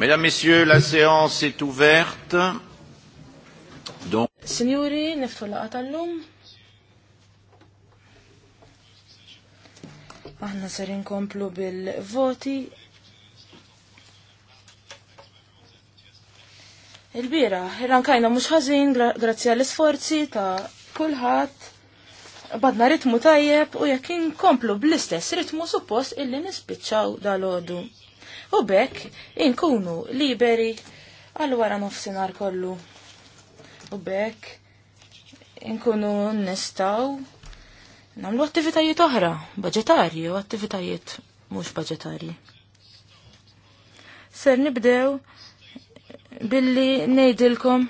Mesdames, Messieurs, la séance est ouverte. Donc... Signori, niftu laqa Aħna ser inkomplu bil-voti. Il-bira, irrankajna mux ħażin grazzi għall-isforzi ta' kulħadd badna ritmu tajjeb u jekk inkomplu bl-istess ritmu suppost illi nispiċċaw dal-ħodu u bekk inkunu liberi għal wara nofsinhar kollu. U bekk inkunu nistaw nagħmlu attivitajiet oħra, budġetarji u attivitajiet mhux budġetarji. Ser nibdew billi ngħidilkom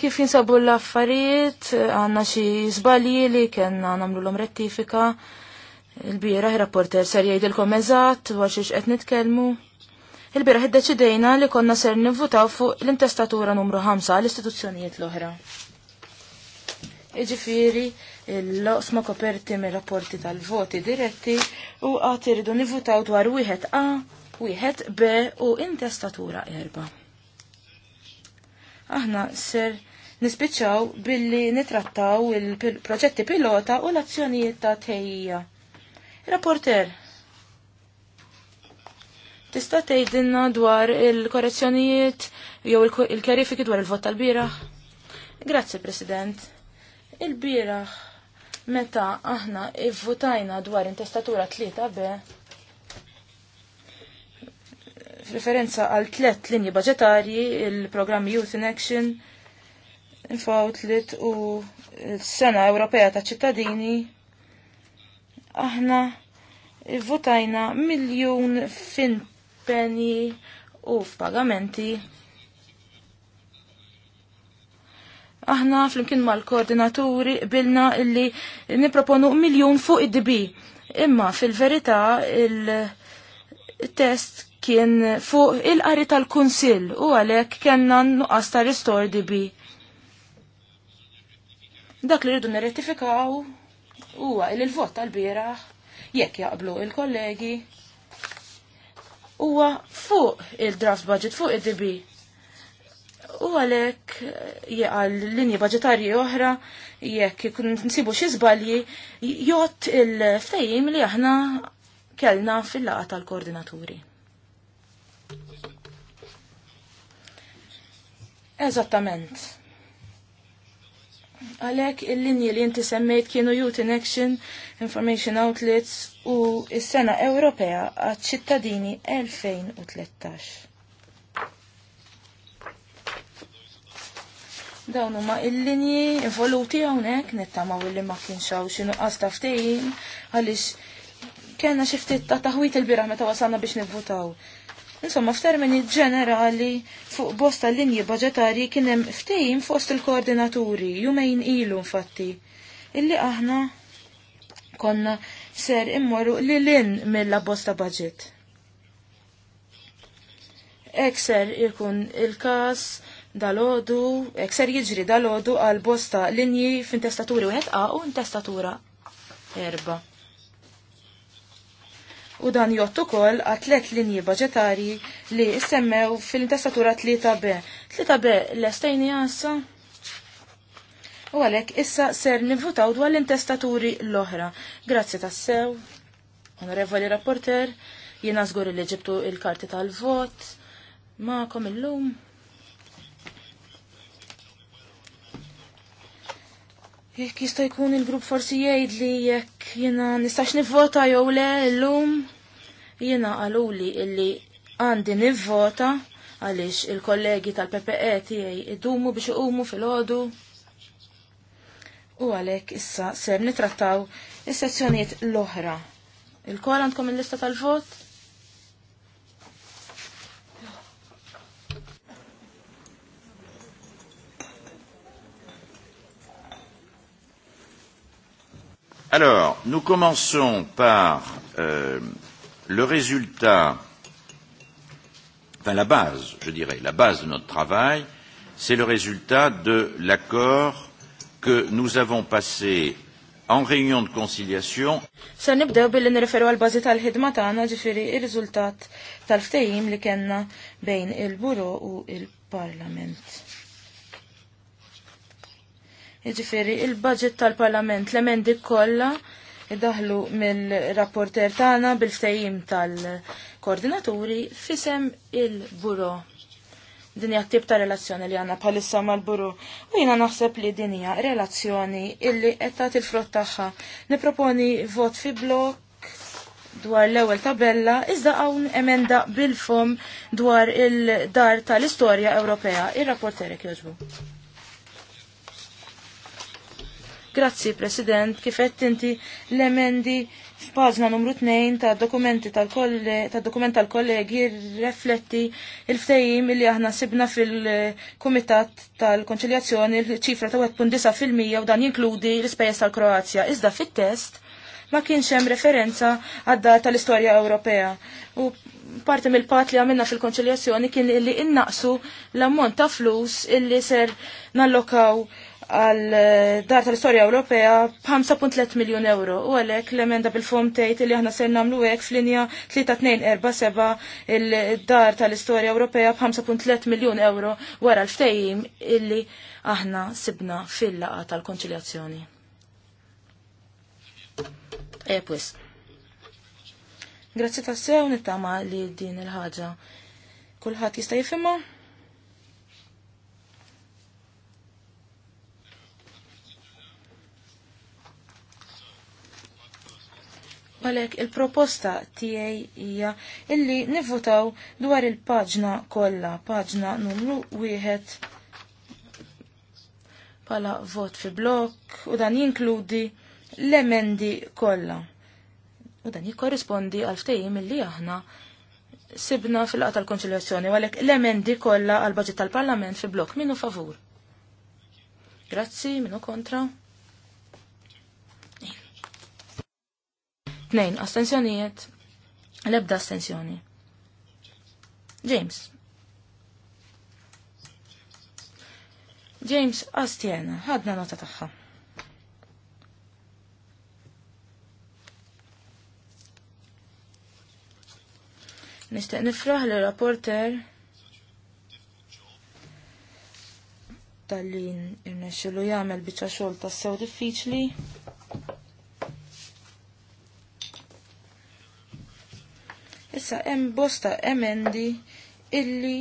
kif jinsabu l-affarijiet, għanna xi żbalji li kellna nagħmlu l-om rettifika, Il-bira rapporter ser jgħidilkom eżatt dwar xiex qed nitkellmu. Il-bira iddeċidejna li konna ser nivvutaw fuq l-intestatura numru 5 għall-istituzzjonijiet l-oħra. Iġifiri, l-osma koperti me rapporti tal-voti diretti u għat iridu nivutaw dwar wieħed A, wieħed B u intestatura erba. Aħna ser nispiċċaw billi nitrattaw il-proġetti pilota u l-azzjonijiet ta' tejja Reporter, tista' tgħidilna dwar il-korrezzjonijiet jew il kerifiki dwar il-vot tal-bieraħ? Grazzi, President. Il-bieraħ meta aħna ivvutajna dwar intestatura tlieta be referenza għal tlet linji budgetarji, il-programm Youth in Action, Infowtlet u s-sena Ewropea ta' ċittadini aħna votajna miljun fin penji u f'pagamenti. Aħna flimkien mal-koordinaturi bilna illi niproponu miljun fuq id dibi Imma fil-verità il-test kien fuq il-qari tal-Kunsill u għalhekk kellna nuqqas ta' ristor dibi. Dak li rridu nerettifikaw huwa il il-vot tal-bieraħ jekk jaqblu il-kollegi huwa fuq il-draft budget fuq id-DB. U għalek jgħal eh, linji budgetarji oħra jekk ikun nsibu xi żbalji jgħot il ftajim li aħna kellna fil-laqa tal-koordinaturi. Eżattament. Għalek il-linji li jinti semmejt kienu Youth in Action, Information Outlets u s-sena Ewropea għad ċittadini 2013. Dawn huma il-linji involuti hawnhekk nittamaw li ma kienx hawn xi nuqqas għaliex kellna xi ftit ta' taħwit il bira meta wasalna biex nivvutaw. Insomma, f'termini ġenerali, fuq bosta linji budgetari kienem ftejn fost il-koordinaturi, jumejn ilu infatti, illi aħna konna ser immorru li lin mill bosta budget. Ekser ikun il-kas dal-ħodu, ekser jiġri dal-ħodu għal bosta linji fin testatura u a testatura erba u dan jott ukoll għat tliet linji budgetari li semmew fil-intestatura 3B. 3B l estajni għassa u għalek issa ser nivvutaw dwar l-intestaturi l-oħra. Grazzi tassew, onorevoli rapporter, jiena żgur li ġibtu il-karti tal-vot, ma'kom illum. Jekk jista' jkun il-grupp forsi jgħid li jekk jiena nistax nivvota jew le llum jiena qaluli illi għandi nivvota għaliex il-kollegi tal-PPE tiegħi idumu biex iqumu fil-ħodu. U għalhekk issa ser nitrattaw is-sezzjonijiet l-oħra. Il-kol għandkom il-lista tal-vot? Alors, nous commençons par euh, le résultat, enfin la base, je dirais, la base de notre travail, c'est le résultat de l'accord que nous avons passé en réunion de conciliation. Sa nibdew billi għal bażi tal-ħidma tagħna ġifieri ir-riżultat tal-ftehim li kellna bejn il-Buro u il-Parlament. Jiġifieri il-budget tal-Parlament l-emendi kollha daħlu mill-rapporter tagħna bil-ftehim tal-koordinaturi fisem il-buro. Din hija tip ta' relazzjoni li għandna bħalissa mal-buru u jiena naħseb li din hija relazzjoni illi qed tagħti l-frott tagħha. Niproponi vot fi blok dwar l-ewwel tabella iżda hawn emenda bil-fom dwar il-dar tal-istorja Ewropea. Ir-rapporterek jogħġbu. Grazzi, President, kifett inti l-emendi f'pazna numru 2 ta' dokumenti tal-dokument tal-kollegi rifletti il-ftejim li aħna sibna fil-Kumitat tal-Konċiljazzjoni l-ċifra ta' 1.9% u dan jinkludi l-ispejjeż tal-Kroazja. Iżda fit-test ma kienx hemm referenza għadda tal-istorja Ewropea. U parti mill-pat li għamilna fil-konċiljazzjoni kien li innaqsu l-ammont ta' flus illi ser nallokaw għal eh, dar tal-istorja Ewropea b'5.3 miljon euro u għalhekk l-emenda bil-fom tgħid li aħna ser nagħmlu hekk f'linja 3247 il-dar tal-istorja Ewropea b'5.3 miljun euro wara l-ftehim illi aħna sibna fil-laqa tal-konċiljazzjoni. Epwis. Grazzi tassew nittama li din il-ħaġa kulħadd jista' jifimma. Għalek il-proposta tiegħi hija illi nivvutaw dwar il-paġna kollha, paġna numru wieħed pala vot fi blok u dan jinkludi l-emendi kollha. U dan jikkorrispondi għal ftehim illi aħna sibna fil-qata tal-konċiljazzjoni għalek l-emendi kollha għal baġit tal-Parlament fi blok minu favur. Grazzi, minu kontra. Tnejn astensjonijiet, l-ebda astensjoni. James. James astjena, ħadna nota tagħha. Nishtiq nifraħ li rapporter tal-li irnexxilu jagħmel biċċa xogħol tassew diffiċli. Issa hemm bosta emendi illi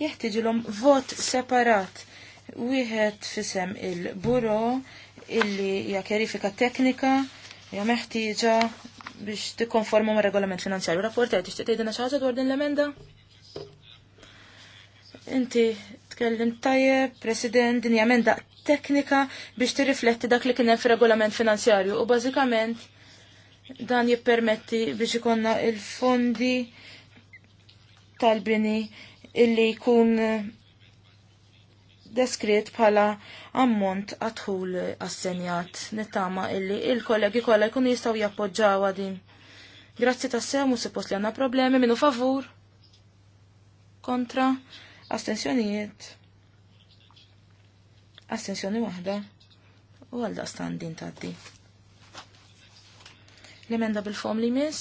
jeħtiġilhom vot separat. Wieħed fisem il-buro illi hija kjerifika teknika hija meħtieġa biex tikkonformu ma' regolament finanzjarju. Rapporter tixtieq tgħidilna xi ħaġa dwar din l-emenda? Inti tkellim tajjeb, President, din hija emenda teknika biex tirrifletti dak li kien hemm fir-regolament finanzjarju u bażikament Dan jippermetti biex ikonna il-fondi tal-bini illi jkun deskritt bħala ammont għadħul assenjat nittama illi il-kollegi kollha jkunu jistgħu jappoġġawha din. Grazzi tassew se suppost li għandna problemi minu favur kontra astensjonijiet. Astensjoni waħda u għalda standin din L-emenda bil-fom li miss.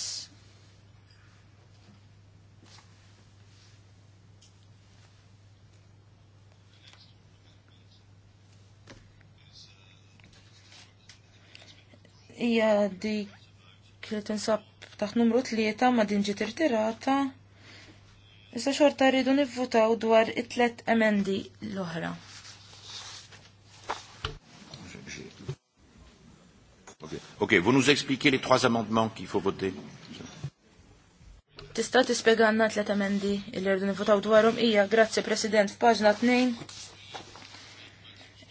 Ija dik li tinsab taħt numru tlieta ma din ġiet Issa xorta rridu nivvutaw dwar it-tlet emendi l-oħra. Ok, vous nous expliquez les trois amendements qu'il faut voter. Tista' tispjega għandna tliet emendi li rridu nivotaw dwarhom hija grazzi President f'paġna tnejn.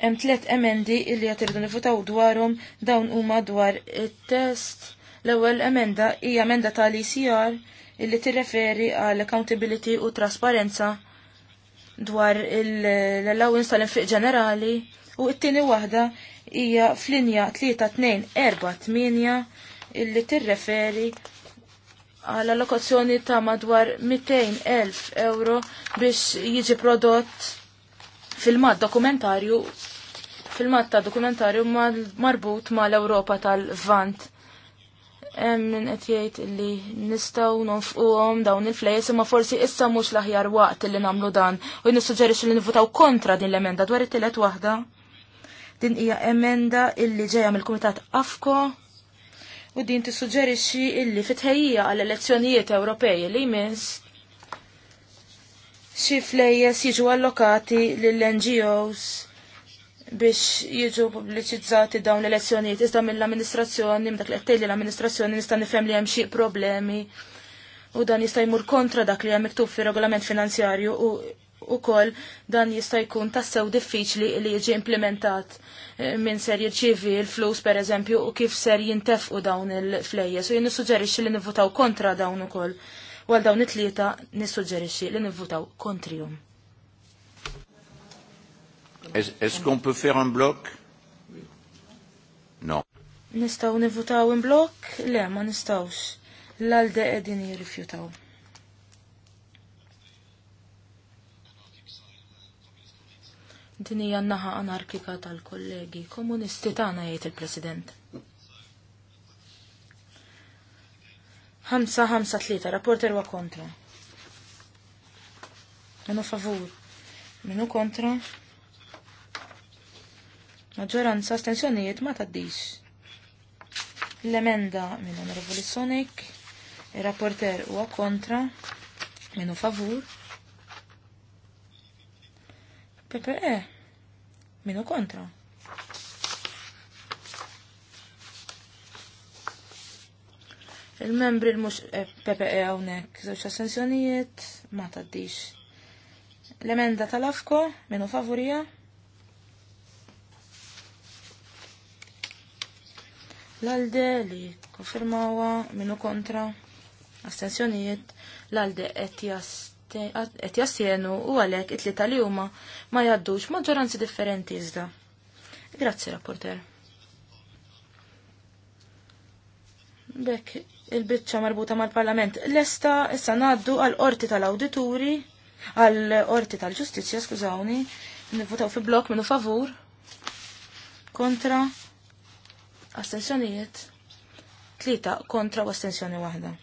Hemm tliet emendi illi qed irridu nivotaw dwarhom dawn huma dwar it-test. L-ewwel emenda hija emenda tal-ICR illi tirreferi għall accountability u trasparenza dwar l-allowance tal-infiq ġenerali u t-tieni waħda hija f'linja 3248 illi tirreferi għal allokazzjoni ta' madwar 200.000 euro biex jiġi prodott filmat dokumentarju filmat ta' dokumentarju marbut ma' l-Europa tal-Vant. Hemm min qed jgħid li nistgħu nonfquhom dawn il-flejes imma forsi issa mhux l-aħjar waqt li nagħmlu dan u nissuġġerixxi li nivutaw kontra din l-emenda dwar it-tielet waħda Din hija emenda illi ġejja mill-Kumitat AFCO u din tissuġġerixxi illi fitħejjija għall elezzjonijiet Ewropej li jmiss xi flejjes jiġu allokati lill-NGOs biex jiġu pubbliċizzati dawn l-elezzjonijiet iżda mill-amministrazzjoni, dak li qed l-amministrazzjoni nista' nifhem li hemm xi problemi u dan jista' jmur kontra dak li hemm miktub fir-regolament finanzjarju u kol dan jista' jkun tassew diffiċli li jiġi implementat eh, minn ser jirċievi l-flus pereżempju u kif ser jintefqu dawn il-flejjes u jien li nivvutaw kontra dawn ukoll. Għal dawn it-tlieta nissuġġerixxi li nivvutaw kontrihom. Est-ce qu'on peut faire un bloc No. Nistaw nivvutaw in blok? Le, ma nistawx. L-alde edin jirrifjutaw. Din hija naħa anarkika tal-kollegi komunisti tagħna jgħid il-President. 5-5-3, rapporter wa kontra. Minu favur. Minu kontra. Maġġoranza astensjonijiet ma taddix. L-emenda minu Onorevoli Sonic, il-rapporter wa kontra, minu favur eh. Minu kontra. Il-membri l-mux eh, PPE għawnek, zewċa sensjonijiet, ma taddix. L-emenda tal-afko, minu favorija. L-alde li konfirmawa, minu kontra. astensjonijiet, l-alde etjas qed jassienu u għalhekk it-tlieta li huma ma jgħaddux maġġoranzi differenti iżda. Grazzi, rapporter. Bekk il-biċċa marbuta mal-Parlament. Lesta issa ngħaddu għall-qorti tal-awdituri, għall-qorti tal-ġustizzja, skużawni, nivvotaw fi blok minnu favur, kontra, astensjonijiet, tlita kontra u astensjoni waħda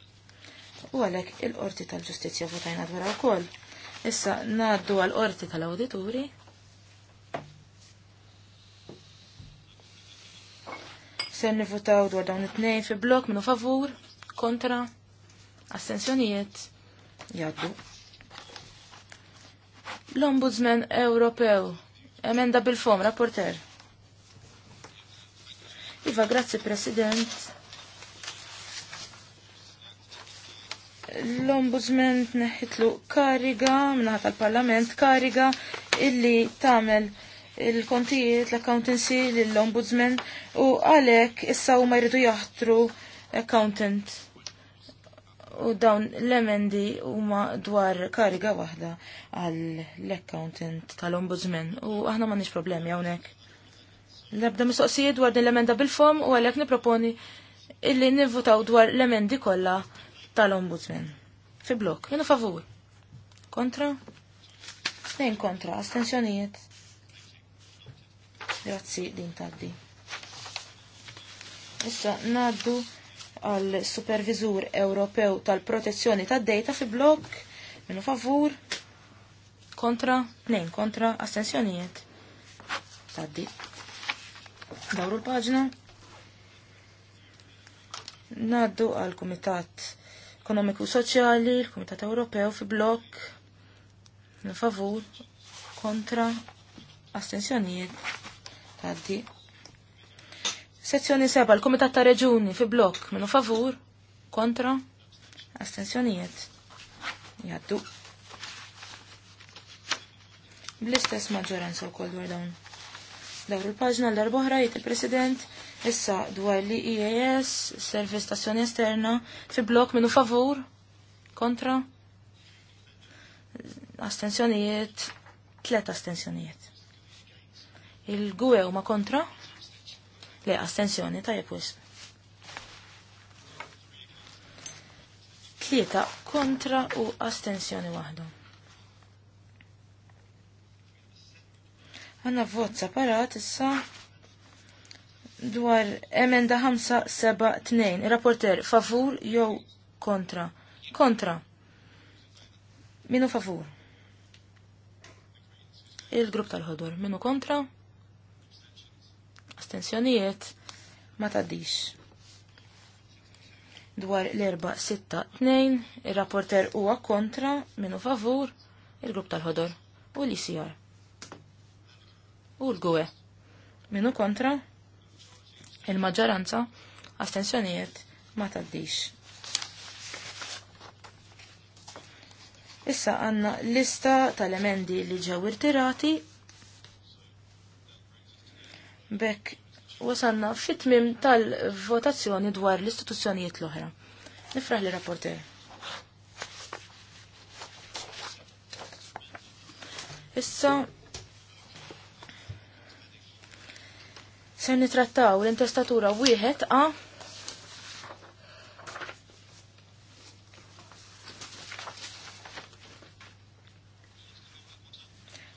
u għalhekk il-qorti tal-ġustizzja votajna u wkoll. Issa ngħaddu għall qorti tal-awdituri. Se nivutaw dwar dawn it-tnejn fi blok minnu favur, kontra, astensjonijiet, jaddu. L-Ombudsman Ewropew, emenda bil-fom, rapporter. Iva, grazzi President. l-ombudsman neħitlu kariga minnaħat tal-parlament kariga illi tamel il-kontijiet l-accountancy l-ombudsman u għalek issa u jridu jaħtru accountant u dawn l-emendi huma dwar kariga waħda għall-accountant tal-ombudsman u aħna ma nix problemi hawnhekk. L-ebda mistoqsijiet dwar din l-emenda bil-fom u għalek niproponi illi nivvutaw dwar l-emendi kollha tal-ombudsman. Fi blok, jena favur. Kontra? Nejn kontra, astensjonijiet. Grazzi din taddi. Issa naddu għal supervizur Ewropew tal-protezzjoni tad-dejta fi blok minu favur kontra, nejn kontra, astensjonijiet. Taddi. Dawru l-paġna. Naddu għal kumitat Ekonomiku Soċjali, il-Kumitat Ewropew fi blok favur kontra astensjonijiet taddi. Sezzjoni seba' l-Kumitat ta' Reġuni fi blok minu favur kontra astensjonijiet jaddu. Bl-istess maġġoranza wkoll dwar dawn. Dawru il-paġna l-darbohra jgħid il-President Issa dwar li IAS, e servizz stazzjoni esterna, fi blok minnu favur, kontra, astensjonijiet, tlet astensjonijiet. Il-gwe ma kontra, le astensjoni ta' jepwis. Tlieta kontra u astensjoni wahdu. Għanna vot separat issa dwar emenda 572. Rapporter, favur jew kontra? Kontra. Minu favur? Il-grupp tal-ħodur. Minu kontra? Astenzjonijiet ma taddix. Dwar l-4-6-2, 2 rapporter huwa kontra, minu favur, il-grupp tal-ħodor u l-ICR. U l-gwe. Minu kontra? il-maġġoranza astensjonijiet ma taddix. Issa għanna lista tal-emendi li ġew irtirati. Bekk wasanna fit-tmim tal-votazzjoni dwar l-istituzzjonijiet l-oħra. Nifraħ li rapporter. Issa Ser nitrattaw l-intestatura wieħed A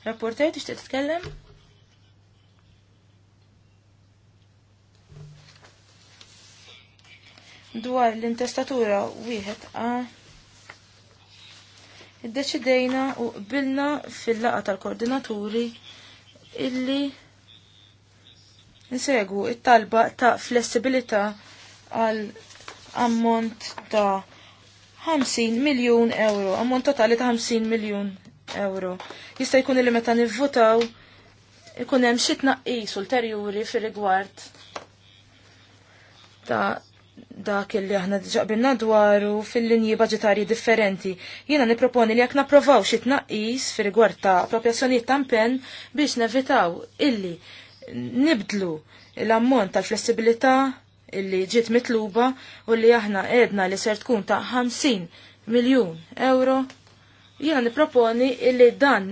Rapporter, tixtieq titkellem? Dwar l-intestatura wieħed A Iddeċidejna u qbilna fil-laqa tal-koordinaturi illi Nsegu it-talba ta' flessibilità għal ammont ta' 50 miljun euro, ammont totali ta' 50 miljun euro. Jista' jkun li meta nivvutaw ikun hemm xi tnaqqis ulterjuri fir-rigward ta' dak li aħna binna dwaru fil-linji budgetarji differenti. Jiena niproponi li jekk napprovaw xi tnaqqis fir-rigward ta' propjazzjonijiet ta' impenn biex nevitaw illi nibdlu l-ammont tal flessibilità illi ġiet mitluba u li aħna edna li ser tkun ta' 50 miljun euro, jiena niproponi illi dan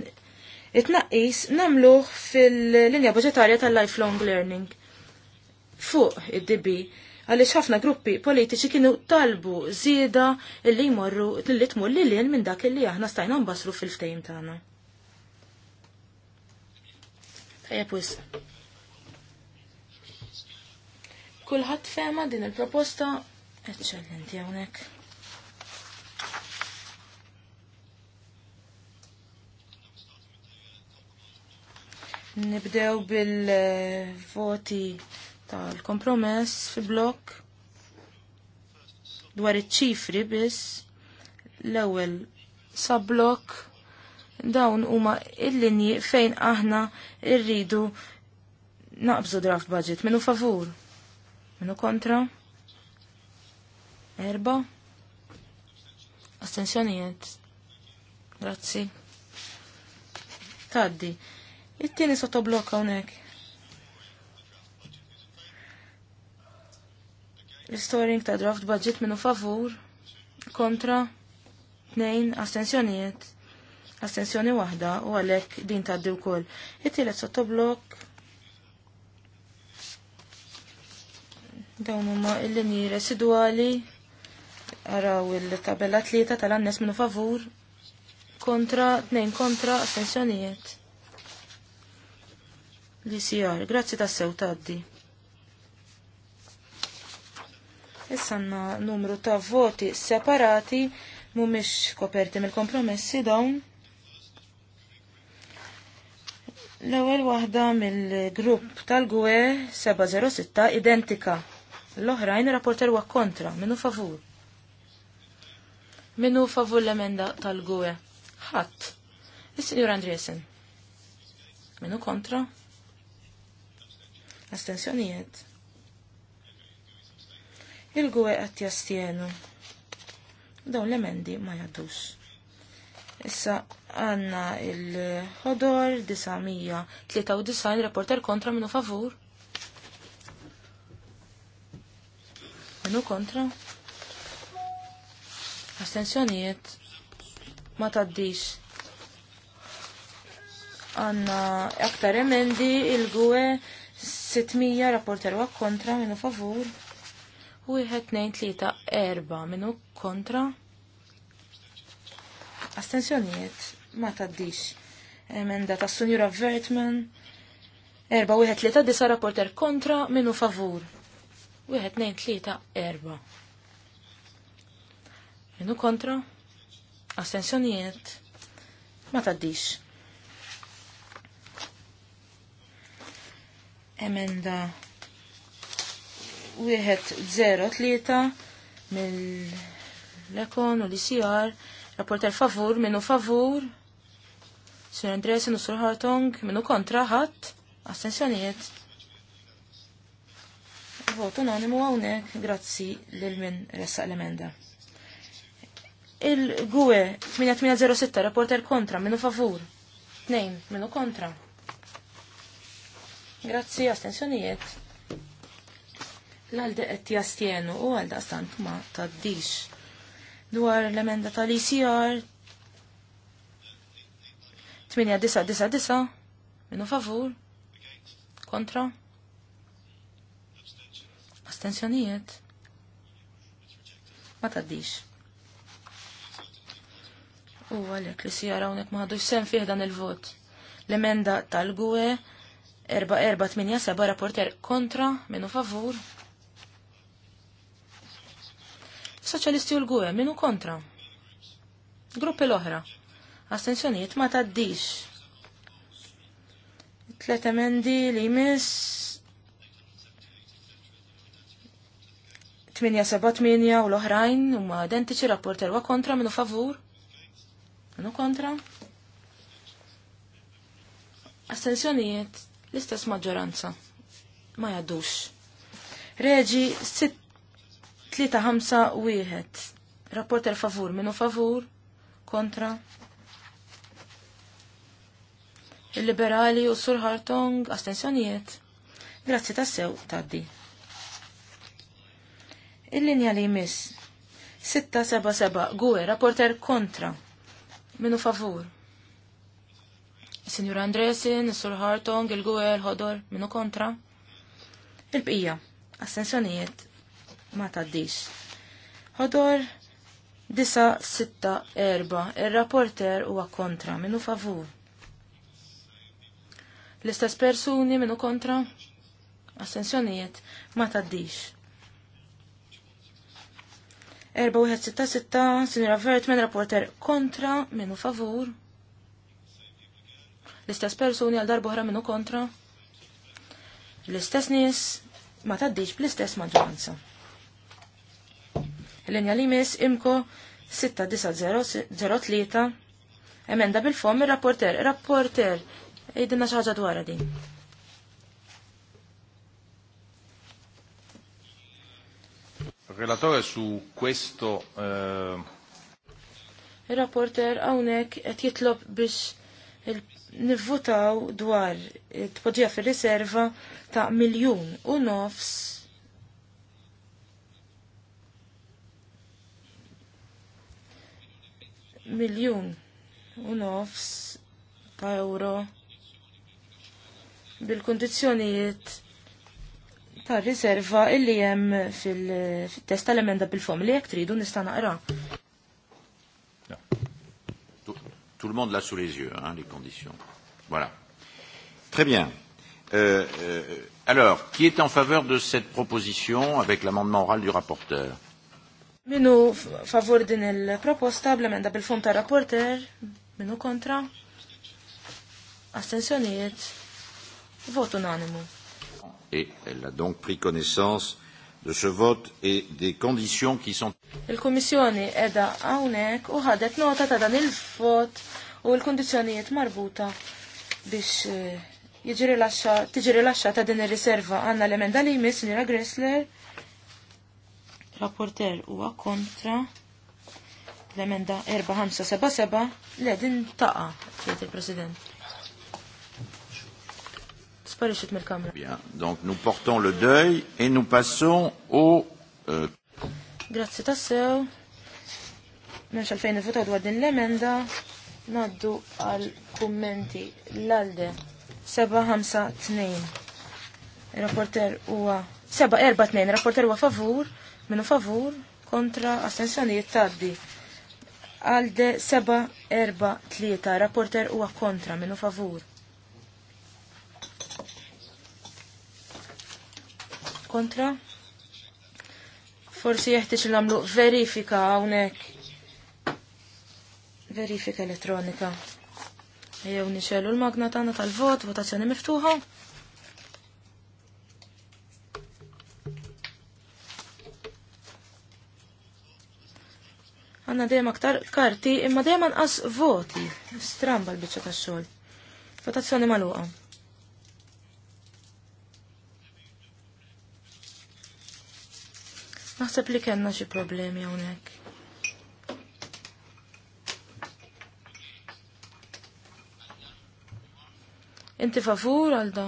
it-naqis namluħ fil-linja budgetarja tal-lifelong learning fuq id-DB għaliex ħafna gruppi politiċi kienu talbu zieda illi jmorru li tmur li lien minn dak illi aħna stajna nbasru fil-ftejm tagħna. Tajjeb wisq. Kulħadd fema din il-proposta eċċellenti hawnhekk. Nibdew bil-voti tal-kompromess fi blok dwar iċ-ċifri biss l-ewwel blok dawn huma l-linji fejn aħna rridu naqbżu draft budget minnu favur. Minu kontra? Erba? Astensjonijiet? Grazzi. Taddi. It-tieni blokka hawnhekk. Restoring ta' draft budget minu favur kontra tnejn astensjonijiet. Astensjoni waħda u għalhekk din taddi wkoll. It-tielet blokka. Dawn huma l-linji residwali araw il-tabella tlieta tal-annes minu favur kontra, tnejn kontra, astensjonijiet. L-ICR, grazzi ta' sew taddi. għandna numru ta' voti separati mumiex koperti mill-kompromessi dawn. L-ewwel waħda mill-grupp tal-GUE 706 identika L-oħrajn rapporter huwa kontra, minnu favur. Minnu favur l-emenda tal-gwe. Ħadd. Is-Sinjur Andriesen. Minnu kontra? Astensjonijiet. Il-gwe qed jastienu. Dawn l-emendi ma jadux. Issa għanna il-ħodor 993 reporter kontra minnu favur. minu kontra astensjonijiet ma taddix għanna aktar emendi il-gwe 600 rapporter wa kontra minu favur u 1 nejn tlita erba minu kontra astensjonijiet ma taddix emenda ta' sunjura Vertman 4 1 tlita disa rapporter kontra minu favur Wieħed nejn tlieta erba. Minu kontra? Astensjonijiet? Ma taddix. Emenda wieħed 0 tlieta mill-lekon u l-ICR. Rapporter favur, minu favur. Sir Andres u Sur Hartong, minu kontra ħadd. Astensjonijiet? vot unanimu hawnhekk grazzi lil min ressaq l-emenda. il gwe 8806 reporter kontra minu favur. Nejn, minu kontra. Grazzi astensjonijiet. L-għalde qed jastienu u għal daqstant ma taddix. Dwar l-emenda tal-ICR 8999 minu favur kontra estensjonijiet ma taddix. U għalek li si jarawnek maħdu sen fih dan il-vot. L-emenda tal-gwe 4487 rapporter kontra minu favur. Soċjalisti u l-gwe minu kontra. Gruppi l-oħra. Astensjonijiet ma taddix. Tlet emendi li jmiss 8 u l-oħrajn huma identiċi rapporter wa kontra minnu favur. Minnu kontra. Astensjonijiet l-istess maġġoranza. Ma jaddux. Reġi 6-3-5-1. Rapporter favur minnu favur. Kontra. Il-liberali u Sur Hartong astensjonijiet. Grazzi tassew taddi. Il-linja li jmiss. 677 Gwe, rapporter kontra. Minu favur. Signor Andresin, Sur Hartong, il-Gwe, il-Hodor, minu kontra. Il-bqija, Assensjonijiet ma taddis. Hodor 964, il-rapporter huwa kontra, minu favur. L-istess persuni minu kontra, assenzjonijiet ma taddix. 4166, Sinjora Vertman, rapporter kontra, minu favur. L-istess personi għal ħra minu kontra. L-istess nis ma taddiċ bl-istess maġġoranza. L-linja li mis imko 6903, emenda bil-fom rapporter, id-dinna xaġa dwar din. relatore su questo... Uh... Il-rapporter għawnek qed jitlob biex nivvutaw dwar tpoġija fil-riserva ta' miljun u nofs miljun u nofs ta' euro bil-kondizjonijiet ta' riserva illi jem fil-test fil-test tal-emenda bil-fom li jek tridu nista' naqra. Tout le monde l'a sous les yeux, hein, les conditions. Voilà. Très bien. Euh, euh, alors, qui est en faveur de cette proposition avec l'amendement oral du rapporteur Minu favor din il-proposta bl bil-fom rapporter, minu kontra, astensjonijiet, vot unanimu et elle a donc pris connaissance de ce vote et des conditions qui sont. Il-Kummissjoni edha hawnhekk u ħadet nota ta' dan il-vot u l-kundizzjonijiet marbuta biex eh, jiġri laxxa tiġi rilaxxata din ir-riserva għandna l-emenda li jmiss Nira Gressler. Rapporter huwa kontra l-emenda 4577 le din taqa' jgħid il-President sparixit mill-kamra. Bien, donc nous portons le deuil et nous passons au... Euh... Grazie tassew. Menx għalfejn votaw dwar din l-emenda, naddu għal kummenti l-alde 752. Rapporter huwa 742, rapporter huwa favur, minu favur, kontra astensjonijiet taddi. Alde 743, rapporter huwa kontra, minu favur, kontra. Forsi jeħtieġ nagħmlu verifika hawnhekk. Verifika elettronika. Jew niċellu l-magna tagħna tal-vot, votazzjoni miftuħa. għanna dejjem aktar karti imma dejjem anqas voti. Stramba l-biċċa tax-xogħol. Votazzjoni magħluqa. Naħseb li kellna xi problemi hawnhekk. Inti favur għal da?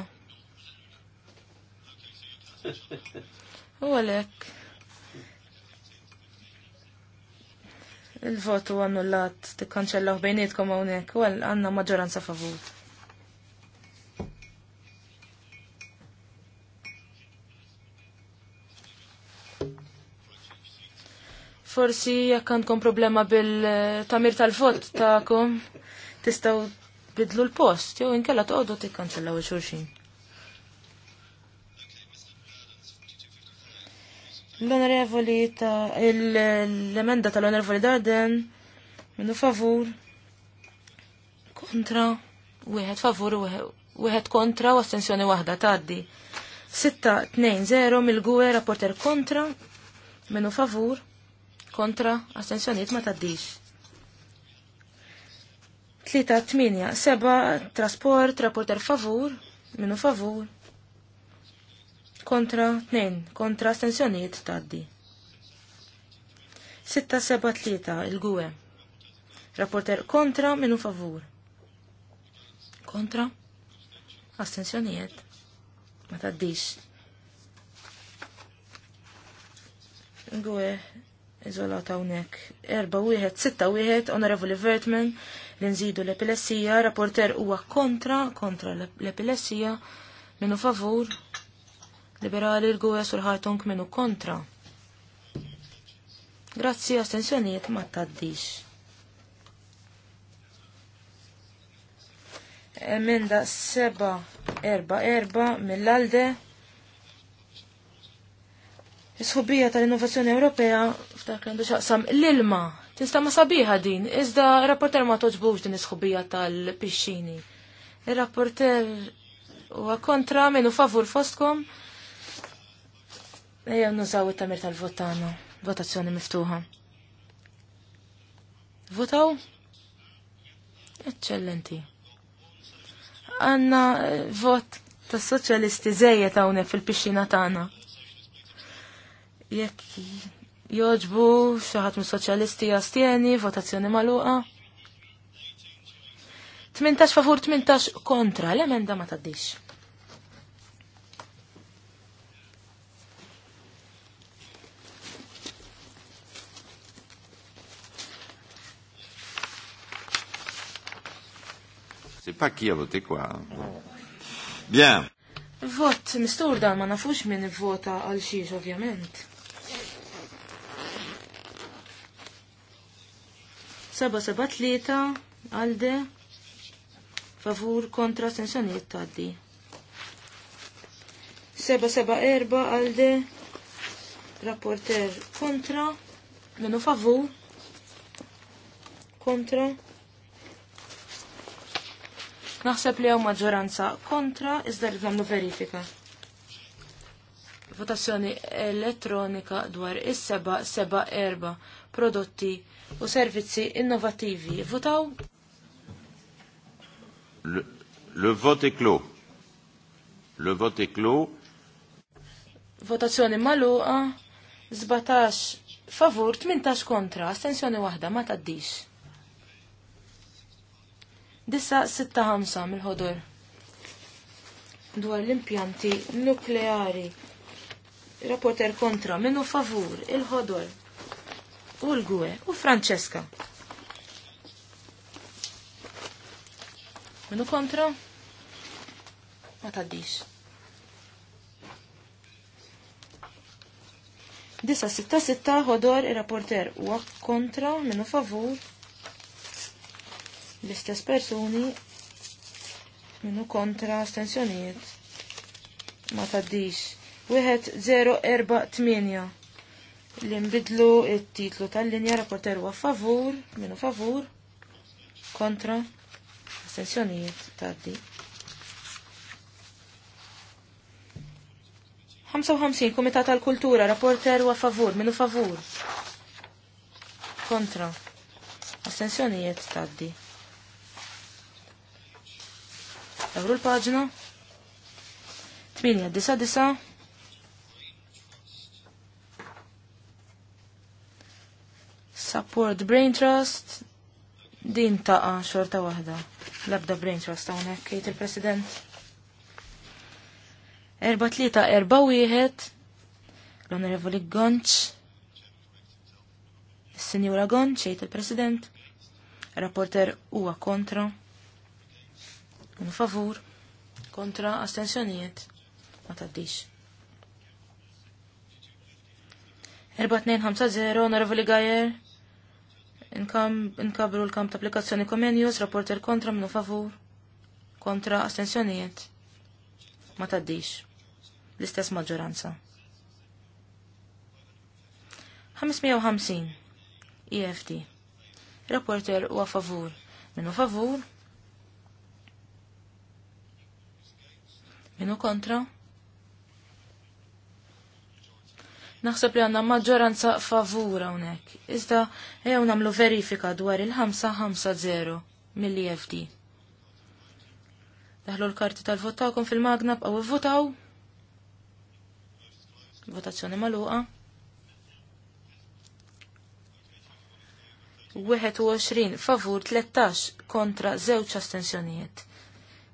U għalek. Il-votu għannullat, t-kanċellaw bejnietkom għonek, u għal għanna maġoranza favur. Forsi jekk għandkom problema bil-tamir tal-vot ta'kom, tistaw bidlu l-post, jew inkella toqgħodu tikkanċellaw il-xulxin. L-onorevoli ta' l-emenda tal-onorevoli Darden minnu favur kontra wieħed favur wieħed kontra u astensjoni waħda tgħaddi. 6-2-0 mill-gwer rapporter kontra minnu favur kontra astensjoniet ma taddix. Tlita, tminja, seba, trasport, rapporter favur, minu favur, kontra 2, kontra astensjoniet taddi. Sitta, seba' tlita, il-gwe, rapporter kontra, minu favur, kontra, astensjoniet ma taddix. Gwe, izolata unek. Erba wieħed, sitta wieħed, Honorable Vertman, l-nżidu l-epilessija, rapporter huwa kontra, kontra l-epilessija, minu favur, liberali l-gwe surħartunk minu kontra. Grazzi, astensjoniet ma taddix. Emenda seba erba erba mill-alde. Is-ħubrija tal-Innovazzjoni Ewropea f'dak għandu xaqsam l-ilma. Tista' ma sabiħa din, iżda rapporter ma toġbux din is ħubija tal-pixxini. Ir-rapporter huwa kontra minnu favur fostkom. Ejja nużaw it-tamir tal-votana. Votazzjoni miftuħa. Votaw? Eccellenti. Għanna eh, vot ta' soċjalisti zejja ta' fil-pixxina tagħna. Jekk joġbu xaħat mis soċjalisti jastjeni votazzjoni maluqa. 18 favur 18 kontra, l-emenda ma taddix. Si pa kija voti kwa. Bien. Vot, mistur dan ma nafux minn vota għal xiex, ovvjament. tlieta, għalde favur kontra astensjonijiet taddi. erba għalde rapporter kontra minu favur kontra Naħseb li għaw maġoranza kontra iżda li għamlu verifika. Votazzjoni elettronika dwar is-seba seba erba prodotti u servizzi innovativi. Votaw? Le, le vote est clos. Le vote est clos. Votazzjoni maluqa, 17 favur, 18 kontra, astensjoni waħda ma taddix. Dissa 6-5 mill-ħodur. Dwar l-impjanti nukleari. Rapporter kontra, minnu favur, il-ħodor u l-Gwe u Franceska. Minu kontra? Ma taddix. Disa sitta sitta ħodor ir-rapporter u kontra minu favur l-istess persuni minu kontra astensjonijiet ma taddix. Wieħed 0 8 li nbidlu il-titlu tal-linja rapporter huwa favur, minu favur, kontra, astensjonijiet taddi. 55, Komitat tal-Kultura, rapporter huwa favur, minu favur, kontra, Assenzjonijiet taddi. Dawru l-pagġna. 8, 9, 9, Support Brain Trust, din taqa xorta wahda. Labda Brain Trust għonek, jgħid il-President. Erba tlita, erba wieħed, l-Onorevoli Gonċ, Sinjura Gonċ, jgħid il-President. Rapporter huwa kontra. Un favur, kontra astensjonijiet. Ma taddix. 4250 Onorevoli Gajer, Inkabru l-kamp ta' applikazzjoni komenjus, rapporter kontra minnu favur, kontra astensjonijiet. Ma taddix. L-istess maġġoranza. 550. EFT, Rapporter u favur. Minnu favur. Minnu kontra. Naħseb li għanna maġġoranza favura unek. Iżda, jew namlu verifika dwar il-5-5-0 mill-IFD. Daħlu l-karti tal votakum fil-magna b'għaw votaw. Votazzjoni maluqa. 21 favur 13 kontra 0 astensjonijiet.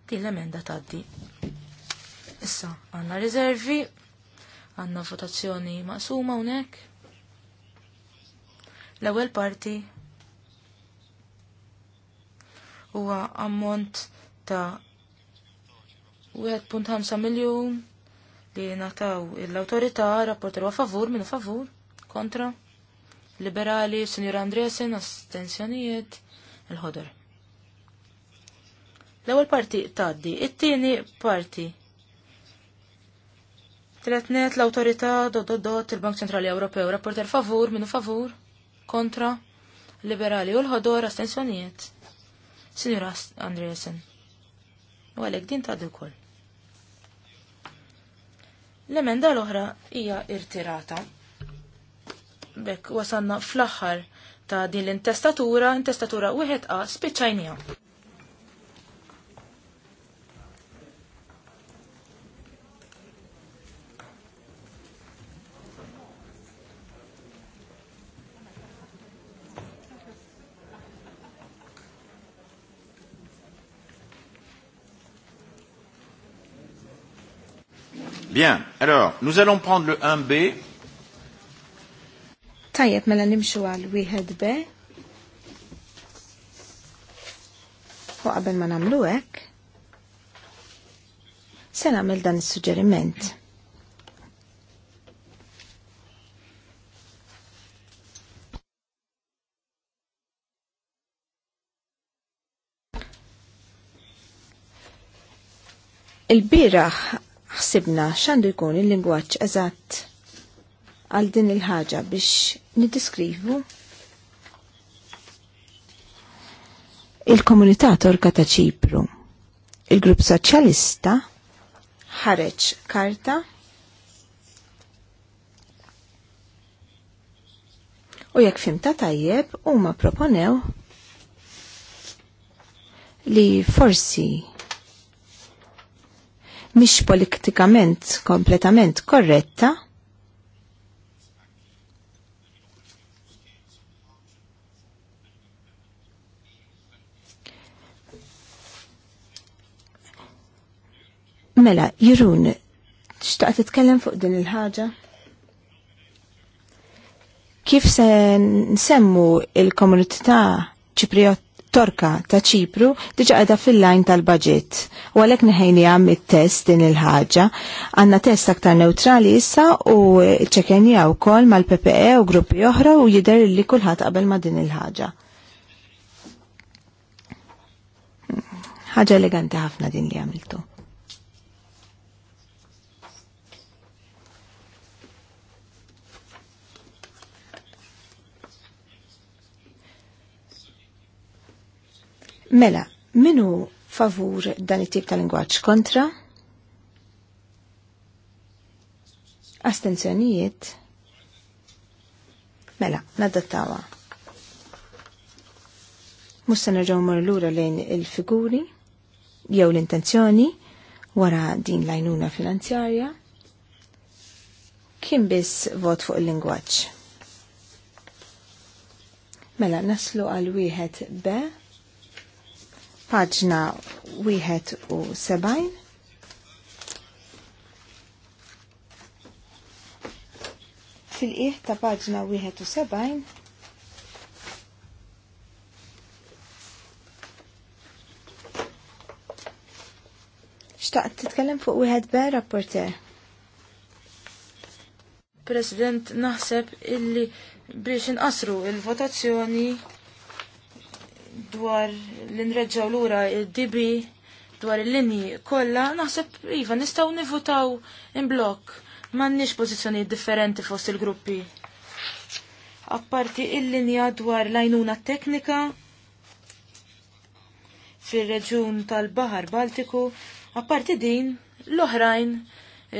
Din l-emenda taddi. Issa, għanna riservi Għanna votazzjoni maqsuma unek. L-ewwel parti huwa ammont ta' 1.5 miljon li nataw l-autorità rapporteru a favur minn favur kontra liberali, Sinjur Andresen, astensjonijiet, il-ħodor. L-ewwel parti taddi, it-tieni parti Tretnet l-autorità dot dot dot il-Bank Centrali Ewropew. Rapporter favur, minu favur, kontra, liberali u l-ħodor astensjonijiet. Sinjura Andresen. U għalek din ta' dikol. L-emenda l-oħra hija irtirata. Bek wasanna fl-aħħar ta' din l-intestatura, intestatura wieħed A spiċċajnija. Bien, alors, nous allons prendre le 1B. Tajjeb, mela nimxu għal wieħed B. U qabel ma nagħmlu hekk, se nagħmel dan is-suġġeriment. Il-biraħ ħsibna x'għandu jkun il-lingwaġġ eżatt għal din il-ħaġa biex niddiskrivu il-komunità torka ta' ċipru. Il-grupp soċjalista ħareċ karta u jekk fimta tajjeb huma proponew li forsi mhix politikament kompletament korretta. Mela, Jirun, xtaqt titkellem fuq din il-ħaġa? Kif se nsemmu il-komunità ċipriot Torka ta' ċipru diġa għada fil-lajn tal-budget. U għalek neħejni għam il-test din il-ħagġa. Għanna test aktar neutrali issa u ċekenja għaw kol mal-PPE u gruppi oħra u jider li kullħat qabel ma din il-ħagġa. ħagġa eleganti ħafna din li għamiltu. Mela, minu favur dan it-tip ta' lingwaġġ kontra? Astenzjonijiet? Mela, nadattawa. Musta nerġaw mor lura lejn il-figuri jew l-intenzjoni wara din lajnuna finanzjarja. Kien biss vot fuq il-lingwaġġ. Mela, naslu għal wieħed be paġna 71 fil-qieħ ta' paġna 71 xtaqt titkellem fuq wieħed be rapporter. President, naħseb illi biex inqasru il-votazzjoni dwar l-inreġaw lura id-dibi dwar il-linji kollha naħseb iva nistgħu nivutaw in blok m'għandniex pożizzjonijiet differenti fost il-gruppi. Apparti il-linja dwar l-għajnuna teknika fir-reġjun tal-Baħar Baltiku, apparti din l-oħrajn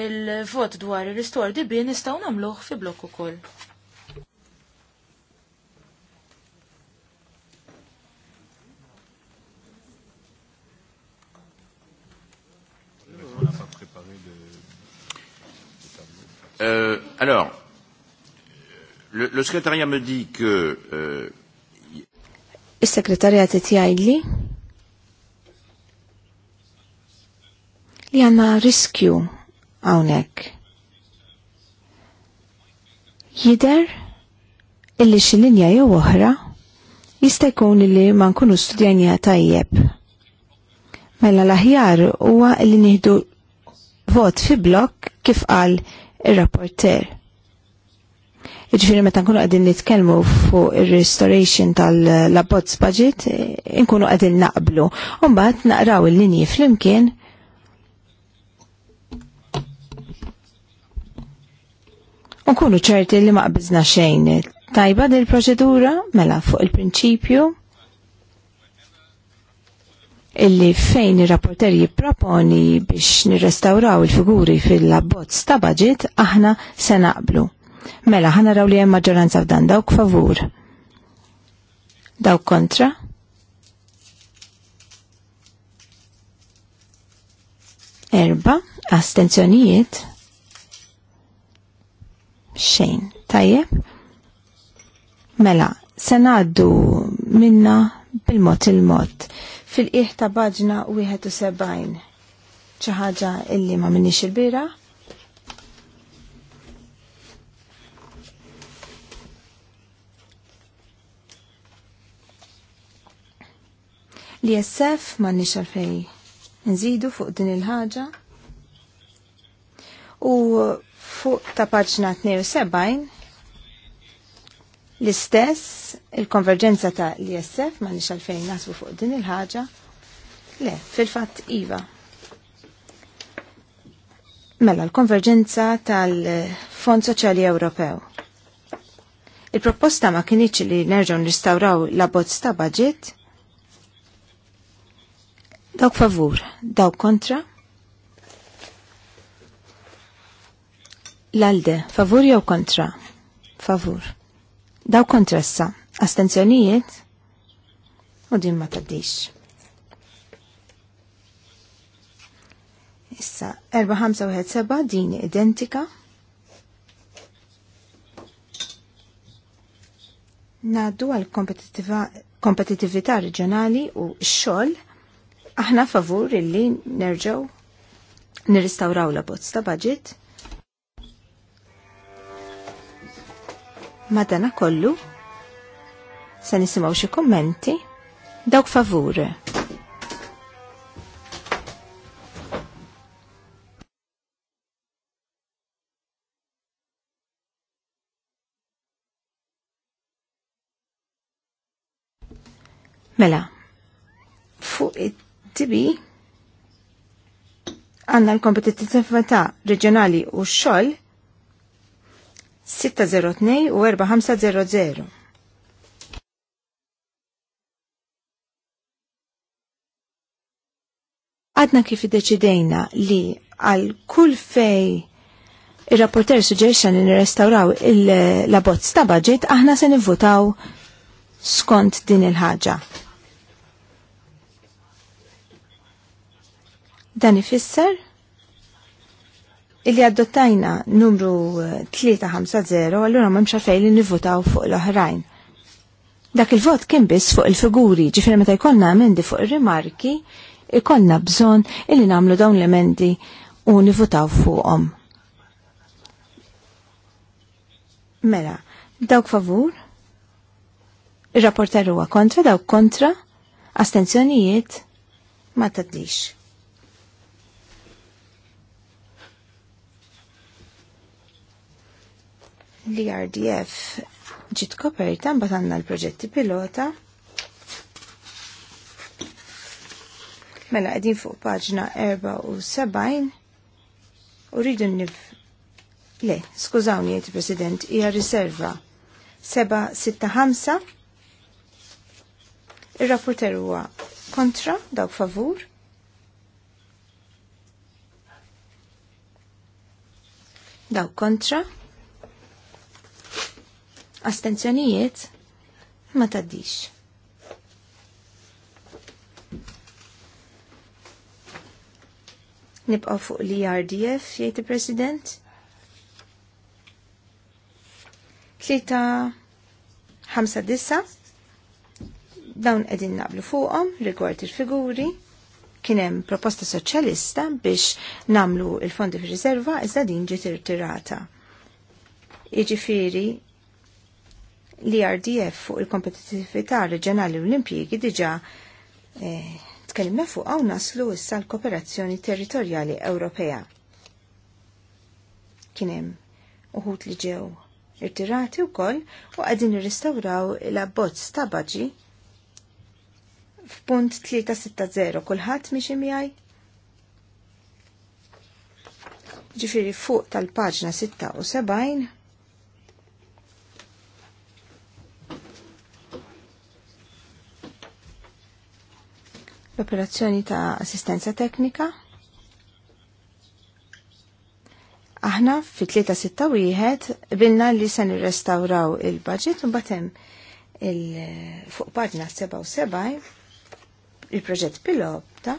il-vot dwar ir-ristor Dibi nistgħu nagħmluh fi blokku ukoll. Euh, alors, le, le secrétariat me dit que... Euh, il est jgħidli li għanna riskju għawnek. Jider illi xilinja jew oħra jista' jkun li ma nkunu studjanja tajjeb. Mela l-aħjar huwa li nieħdu vot fi blok kif qal ir-rapporter. Iġifiri meta nkunu għadin nitkelmu fuq il-restoration tal labots budget, inkunu għadin naqblu. Umbat naqraw il-linji fl-imkien. Unkunu ċerti li ma qbizna xejn. Tajba dil-proċedura, mela fuq il-prinċipju, illi fejn ir-rapporter jipproponi biex nirrestawraw il-figuri fil labbozz ta' budget aħna se naqblu. Mela ħana raw li hemm maġġoranza f'dan dawk favur. Dawk kontra? Erba, astenzjonijiet? Xejn, tajjeb? Mela, se ngħaddu minna bil-mod il-mod. il mod fil-qiegħ ta' baġna 71. Xi ħaġa illi ma minniex il-bira. Li jessef ma nix għalfej. Nżidu fuq din il-ħaġa. U fuq ta' paġna 72 L-istess, il-konverġenza ta' l-ISF, ma' nix għalfejn nasbu fuq din il-ħagġa. Le, fil-fat IVA. Mela, l-konverġenza tal-Fond Soċjali Ewropew. Il-proposta ma kienieċ li nerġaw nistawraw la bozz ta' budget. Dawk favur, dawk kontra. L-alde, favur jew kontra? Favur. Daw kontressa. Astenzjonijiet? U din ma taddix. Issa, 457 din identika. Naddu għal kompetitività reġjonali u xogħol aħna favur illi nerġgħu nirristawraw la bozz ta' budget dana kollu, se nisimaw xie kommenti, dawk favur. Mela, fuq it-tibi għanna l-kompetitivita reġjonali u x-xogħol 602 u 4500. Għadna kif deċidejna li għal kull fej il-rapporter suġġerxa li nirrestawraw il-labozz ta' budget, aħna se nivvotaw skont din il-ħaġa. Dan ifisser illi għaddottajna numru 350, għallura ma mxafej li nivvotaw fuq l-oħrajn. Dak il-vot kien biss fuq il-figuri, ġifir meta jkollna emendi fuq il-rimarki, ikonna bżon illi namlu dawn l-emendi u nivvotaw fuqhom. Mela, dawk favur? il rapporteru huwa kontra, dawk kontra? Astenzjonijiet? Ma tadlix. li RDF ġit koperta mbagħad għandna l-proġetti pilota. Mela qegħdin fuq paġna 74 u rridu nif. Le, skużawni jgħid President, hija riserva 765 Ir-rapporter huwa kontra dawk favur. Dawk kontra. Astenzjonijiet? Ma taddix. Nibqa' fuq li RDF jgħid il-President. Tlieta ħamsa dissa dawn qegħdin naqblu fuqhom rigward il-figuri kien hemm proposta soċjalista biex namlu il-fondi fir-riserva iżda din ġiet irtirata. Jiġifieri l-IRDF fuq il-kompetitività reġjonali u l-impjiegi diġa eh, tkellimna fuq għaw naslu issa l-kooperazzjoni territorjali Ewropea. Kienem uħut li ġew irtirati u koll u għadin irrestawraw l-abbozz ta' baġi f'punt 360 kulħadd miex imjaj ġifiri fuq tal-paġna 76 l-operazzjoni ta' assistenza teknika. Aħna fi 361 bilna li se nirrestawraw il-budget u batem il-fuq paġna 77 il-proġett pilota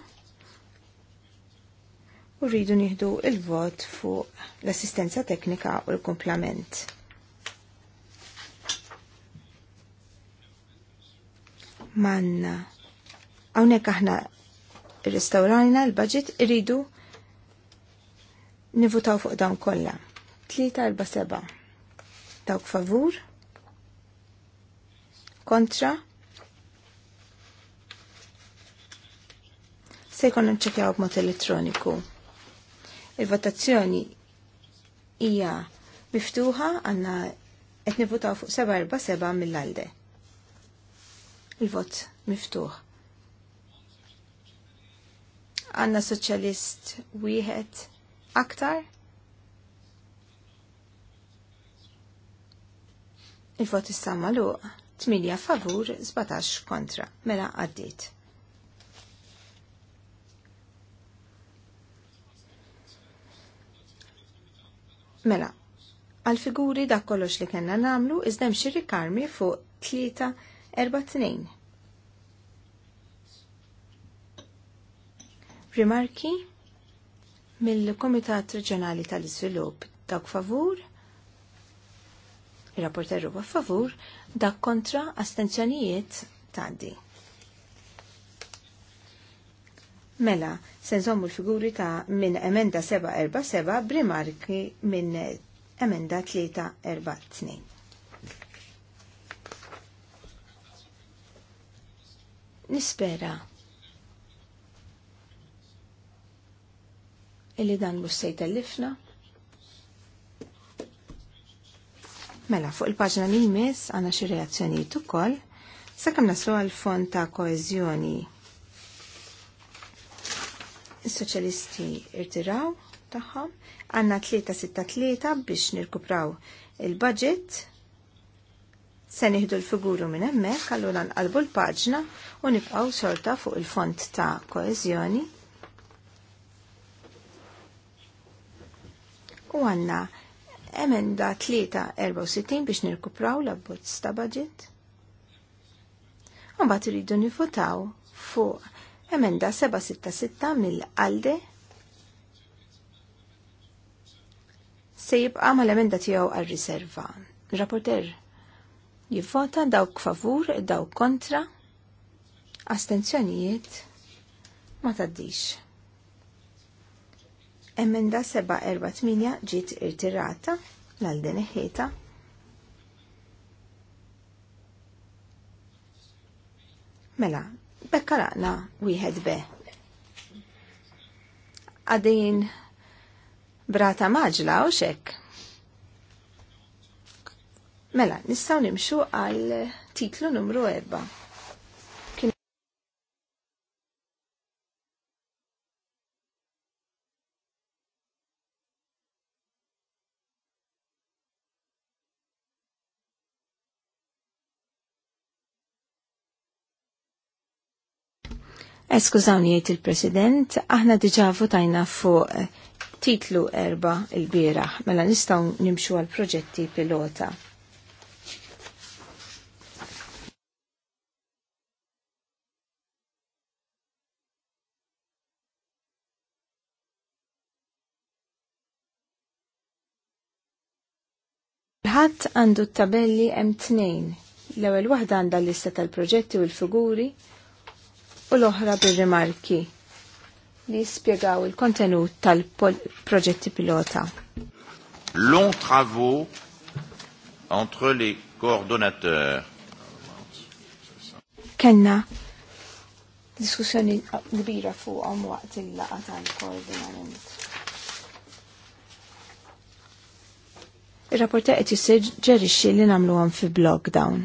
u rridu nieħdu il-vot fuq l-assistenza teknika u l-komplament. Manna Hawnhekk aħna restaurajna l-budget iridu nivutaw fuq dawn kollha. Tlita erba' seba' dawk favur kontra se jkun nċekjaw b'mod elettroniku. Il-votazzjoni hija miftuħa għandna qed nivutaw fuq seba' mill-alde. Il-vot miftuħ għanna soċjalist wieħed aktar. Il-vot issa magħluq 8 favur, 17 kontra. Mela għaddit. Mela, għal-figuri dak kollox li kena namlu iżdem xirri karmi fuq 3-4-2. Rimarki mill-Komitat Reġjonali tal-Iżvilupp dak favur, il-rapporter huwa favur, dak kontra astenzjonijiet tgħaddi. Mela, se nżommu l-figuri ta' minn emenda 747 b'rimarki minn emenda 342. Nispera illi dan mhux sejtellifna? Mela, fuq il-paġna li jmiss għandna xi reazzjonijiet ukoll sakemm naslu għal fond ta' koezjoni Is-soċjalisti irtiraw tagħhom għandna tlieta biex nirkupraw il-budget se nieħdu l-figuru minn hemmhekk allura nqalbu l-paġna u nibqgħu sorta fuq il-font ta' koeżjoni u għanna emenda 364 biex nirkupraw l-abbozz ta' budget. bat iridu nifutaw fuq emenda 766 mill-qalde se jibqa' mal-emenda tiegħu għar-riserva. Rapporter jivvota dawk favur, dawk kontra, astenzjonijiet ma taddix. Emenda 748 ġiet irtirata l din Mela, bekka laqna wieħed be. Għadin brata maġla u xek. Mela, nistaw nimxu għal titlu numru 4. Eskużawni jgħid il-President, aħna diġa votajna fuq titlu erba il-bieraħ, mela nistgħu nimxu għal proġetti pilota. Ħadd għandu t-tabelli hemm tnejn. L-ewwel waħda għandha l-lista tal-proġetti u l-figuri, u l-oħra bir-rimarki li spiegaw il-kontenut tal-proġetti pilota. Long travaux entre les coordonnateurs. Kenna diskussjoni kbira fuqhom waqt il-laqa tal-koordinament. Ir-rapporta qed jissuġġerixxi li nagħmluhom fi blog dawn.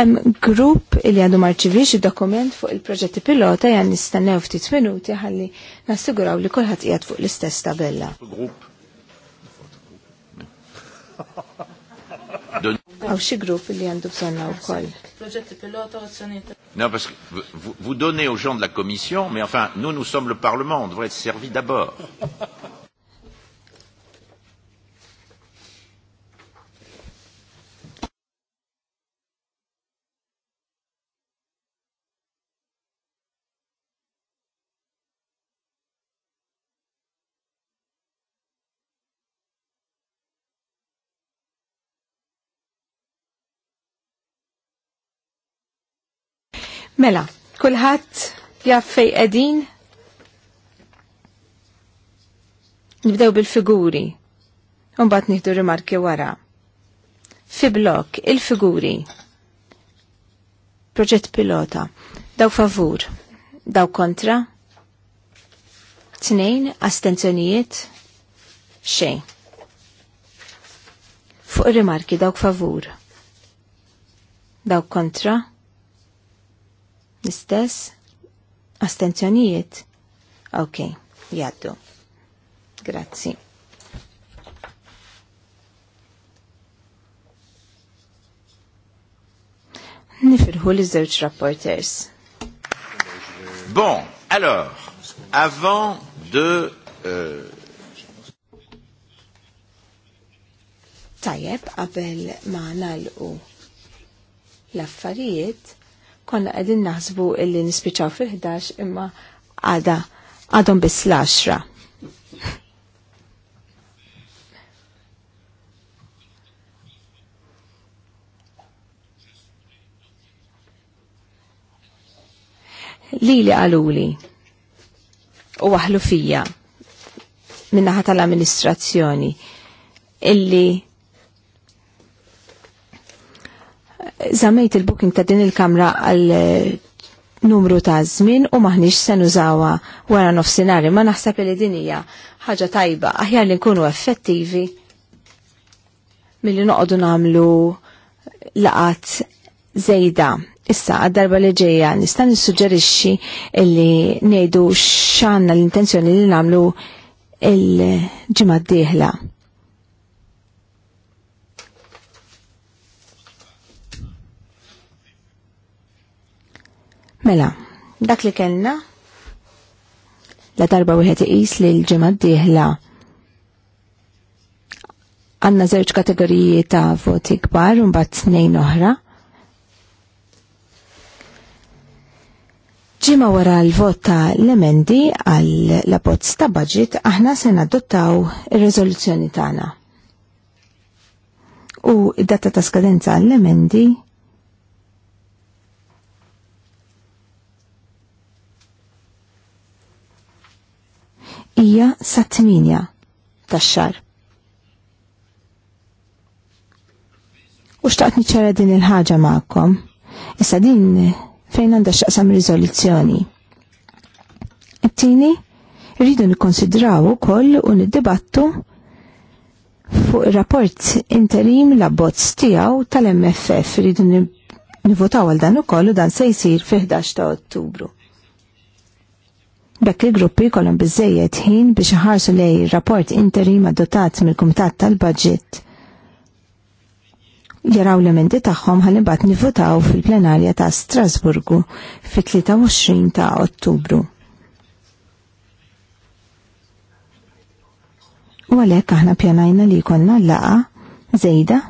Hemm grupp li għandu marċivix il dokument fuq il-proġetti pilota jan nistennew ftit minuti ħalli nassiguraw li kulħadd qiegħed fuq l-istess tabella. Għaw xie grupp li għandu bżonna wkoll. Proġetti pilota Non, parce que vous, vous donnez aux gens de la Commission, mais enfin, nous, nous sommes le Parlement, on devrait être servi d'abord. Mela, kulħadd jaf fej qegħdin Nibdew bil-figuri. Umbat nieħdu rimarki wara. Fi blok, il-figuri. Proġett pilota. Daw favur. Daw kontra. Tnejn, astenzjonijiet. Xejn. Fuq rimarki dawk favur. Dawk kontra. L-istess? Astenzjonijiet? Ok, jaddu. Grazzi. Nifirħu li żewġ rapporters. Bon, alors, avant de... Tajeb, euh, Tajjeb, qabel ma nalqu l-affarijiet, konna qegħdin naħsbu illi nispiċaw fil-11 imma għada għadhom bis l-10. Lili għaluli u għahlu fija minnaħat tal-amministrazzjoni illi zamejt il-booking ta' din il-kamra għal eh, numru ta' żmien u maħniex se nużawha wara nofsinhar, ma naħseb li din hija ħaġa tajba aħjar li nkunu effettivi milli noqogħdu nagħmlu laqat żejda. Issa, għad-darba li ġeja, nista' nissuġġerixxi li ngħidu x'għandna l-intenzjoni li nagħmlu il-ġimgħa d-dieħla. Mela, dak li kellna la darba wieħed iqis li l-ġimgħa d-dieħla għandna żewġ kategoriji ta' voti kbar u mbagħad snejn oħra. Ġimgħa wara l-vot ta' l-emendi għal la bozz ta' budget aħna se nadottaw ir-riżoluzzjoni tagħna. U id-data ta' skadenza għall-emendi hija sa' tminja tax-xar. U xtaqt niċċara din il-ħaġa ma'kom. Issa din fejn għandha x'aqsam riżoluzzjoni. It-tieni rridu nikkonsidraw ukoll u niddibattu fuq ir-rapport interim l-abbozz tiegħu tal-MFF rridu nivvotaw għal dan ukoll u dan se jsir fi 11 ta' Ottubru. Dak il-gruppi kolom bizzejiet ħin biex iħarsu lej rapport interim adottat mill-Kumitat tal-Budget. Jaraw l-emendi tagħhom ħalli nivotaw fil-plenarja ta' Strasburgu fit-23 ta' Ottubru. U għalhekk aħna pjanajna li jkollna laqa żejda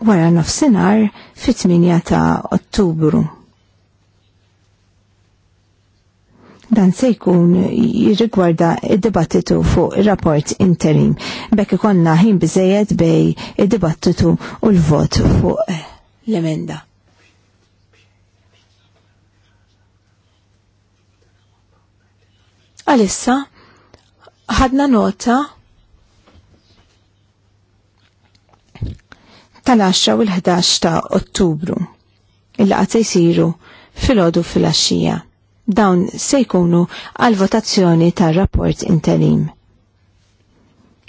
wara nofsinhar fit-8 ta' Ottubru. Dan se jkun jirrigwarda id-dibattitu fuq ir-rapport interim. Bekk ikonna ħin biżejjed bej id-dibattitu u l-vot fuq l-emenda. Għalissa, ħadna nota tal-10 u l-11 ta' Ottubru. Il-laqgħa se jsiru fil-għodu fil dawn se jkunu għal votazzjoni tar-rapport interim.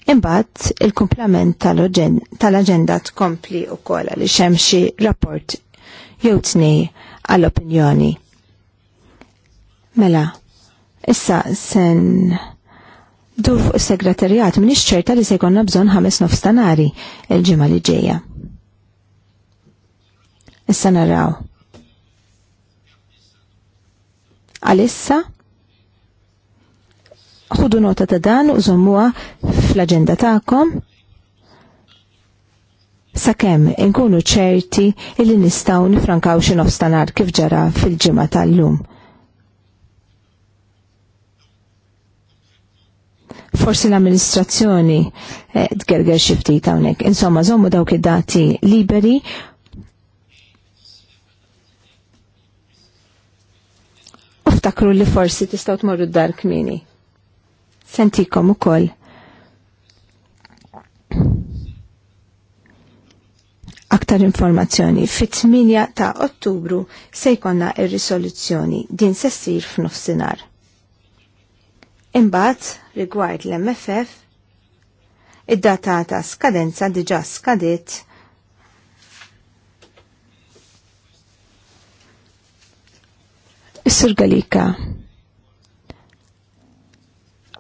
Imbagħad il-kumplament tal-aġenda tal tkompli wkoll li xemxi rapport jew tnej għall-opinjoni. Mela, issa sen dur fuq is-segretarjat m'iniex ċerta li se jkollna bżonn ħames nofstanari il-ġimgħa li ġejja. Issa naraw. għalissa ħudu nota ta' dan u żommuha fl-aġenda tagħkom sakemm inkunu ċerti illi nistgħu nifrankaw xi nofstanar kif ġara fil-ġimgħa tal-lum. Forsi l-amministrazzjoni eh, tgerger xi ftit hawnhekk. Insomma, żommu dawk id-dati liberi u li forsi tistaw tmorru d-dar kmini. Sentikom u koll. Aktar informazzjoni fit-8 ta' Ottubru se il risoluzzjoni din se ssir f'nofsinhar. Imbagħad rigward l-MFF id-data ta' skadenza diġà skadet Is-Sur Galika.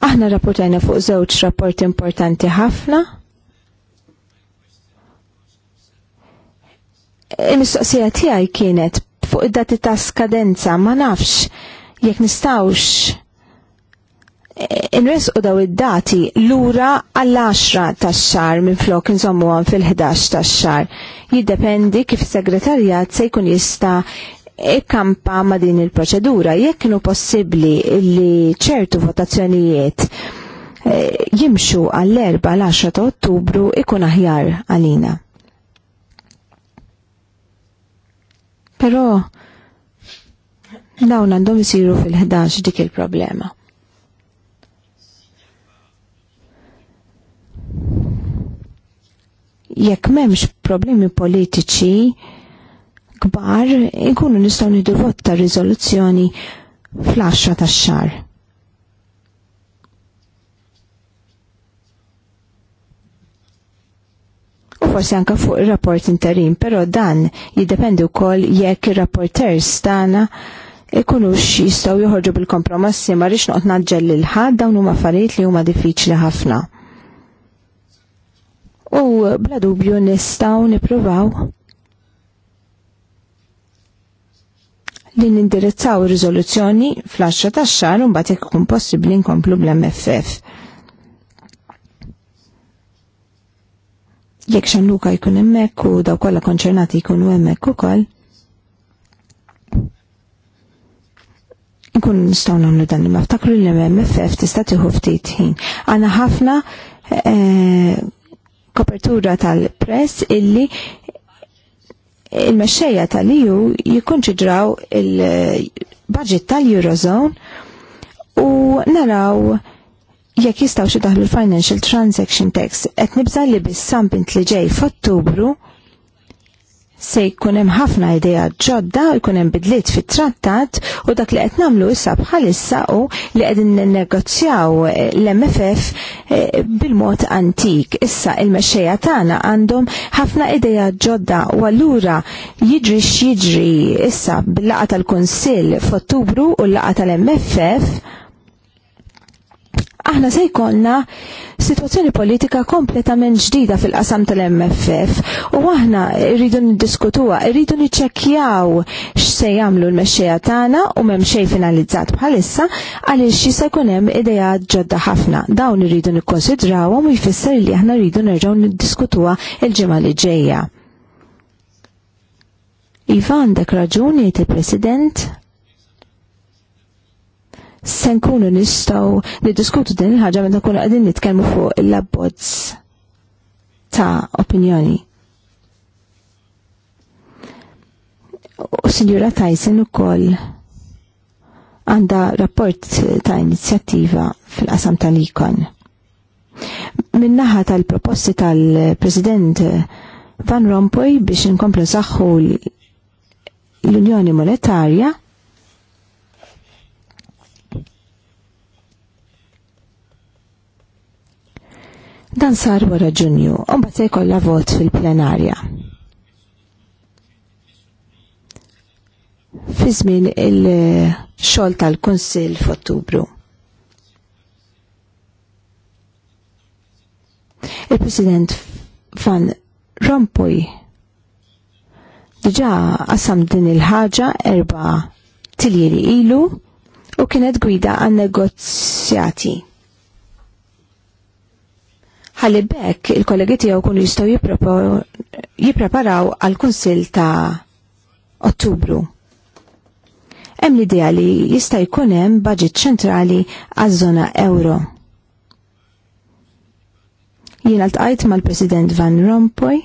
Aħna rapportajna fuq żewġ rapport importanti ħafna. Il-mistoqsija tiegħi kienet fuq id-dati ta' skadenza ma nafx jekk nistawx Inresqu daw id-dati lura għall-10 tax-xar minn flok insommu għan fil-11 tax-xar. Jiddependi kif segretarjat se jkun jista' ikkampa e ma din il-proċedura. Jekk kienu possibbli li ċertu votazzjonijiet eh, jimxu għall-4 l-10 ta' Ottubru ikun aħjar għalina. Però dawn għandhom isiru fil-11 dik il-problema. Jekk m'hemmx problemi politiċi, kbar inkunu nistgħu nidu votta rizoluzzjoni riżoluzzjoni fl-10 tax-xahar. U forsi anke fuq ir-rapport interim, però dan jiddependi wkoll jekk ir-rapporters tana ikunux jistgħu joħorġu bil-kompromessi ma rix noqgħod naġġel lil ħadd dawn huma affarijiet li huma diffiċli ħafna. U bla dubju nistgħu nippruvaw li nindirizzaw il-rizoluzzjoni fl-10 tax-xahar u mbagħad jekk ikun possibbli nkomplu bl-MFF. Jekk luka jkun hemmhekk u daw kollha konċernati jkunu hemmhekk ukoll. Nkun nistgħu nagħmlu dan li ftakru li l-MFF tista' tieħu ftit ħin. Għana ħafna eh, kopertura tal-press illi il-mexxejja tal-EU jikkonċidraw il-budget tal-Eurozone u naraw jekk jistgħu xi daħlu l-Financial Transaction Tax qed nibżalli bis-sampint li ġej f'Ottubru se jkun hemm ħafna idea ġodda, jkun hemm bidliet fit-trattat u dak li qed nagħmlu issa bħalissa u li qegħdin ninnegozjaw l-MFF eh, bil-mod antik. Issa il-mexxejja tagħna għandhom ħafna idea ġodda u allura jiġri x'jiġri issa bil-laqgħa tal-Kunsill f'Ottubru u l-laqgħa tal-MFF aħna se jkollna situazzjoni politika kompletament ġdida fil-qasam tal-MFF u aħna rridu niddiskutuha, rridu niċċekkjaw x'se jagħmlu l-mexxejja tagħna u m'hemm xejn finalizzat bħalissa għaliex jista' jkun hemm idea ġodda ħafna. Dawn irridu nikkonsidrawhom u jfisser li aħna rridu nerġgħu niddiskutuha il-ġimgħa li ġejja. Ivan dak raġuni il-President se nkunu nistgħu niddiskutu din il-ħaġa meta nkunu qegħdin nitkellmu fuq il-labbozz ta' opinjoni. U Sinjura Tyson ukoll għandha rapport ta' inizjattiva fil-qasam tal-ikon. Minnaħa tal-proposti tal-President Van Rompuy biex inkomplu saħħu l-Unjoni Monetarja Dan sar wara ġunju, u mbagħad se jkollha vot fil-plenarja. Fi żmien il-xogħol tal-Kunsill f'Ottubru. Il-President Van Rompuy diġa qasam din il-ħaġa erba' tiljieri ilu u kienet gwida għan negozjati ħalli bekk il-kollegi tiegħu kunu jistgħu jippreparaw għal kunsil ta' Ottubru. Hemm l-idea li jista' jkun hemm budget ċentrali għaż-żona euro. Jiena ltqajt mal-President Van Rompuy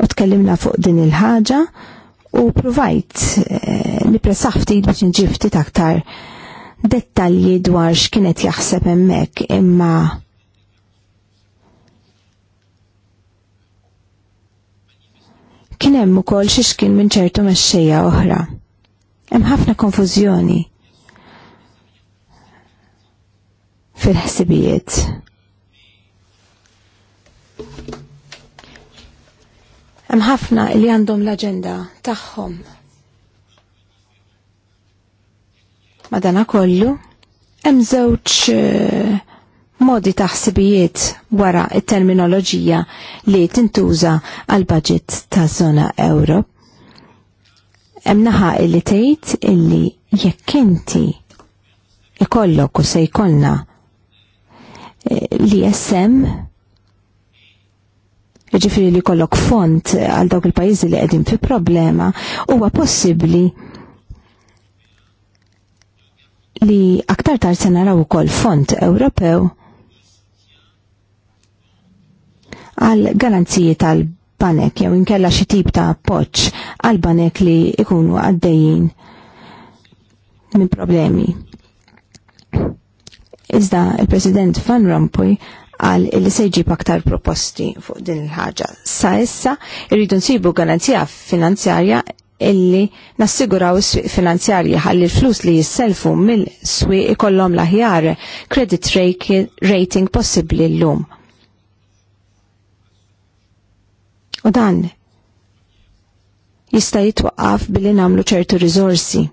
u tkellimna fuq din il-ħaġa u provajt eh, ftit biex nġib ftit aktar dettalji dwar x'kienet jaħseb hemmhekk imma kien hemm ukoll xi xkien minn ċertu mexxejja oħra. Hemm ħafna konfużjoni fil-ħsibijiet. Hemm ħafna li għandhom l-aġenda tagħhom Madana kollu, hemm żewġ eh, modi taħsibijiet wara it-terminoloġija li tintuża għal budget taż-żona euro. Hemm naħa illi tgħid illi jekk inti ikollok u se jkollna eh, li jessem ġifiri li kollok font għal dawk il-pajizi li għedin fi problema, huwa possibli li aktar tard se naraw ukoll fond Ewropew għal garanziji tal-banek jew inkella xi tip ta' appoġġ għal banek li ikunu għaddejjin minn problemi. Iżda il-President Van Rompuy għal li se jġib aktar proposti fuq din il-ħaġa. Sa issa irridu nsibu garanzija finanzjarja illi nassiguraw s-swiq finanzjarji għalli l-flus li jisselfu mill-swiq ikollhom l-aħjar credit rating possibbli l-lum. U dan jista' jitwaqqaf billi nagħmlu ċertu rizorsi.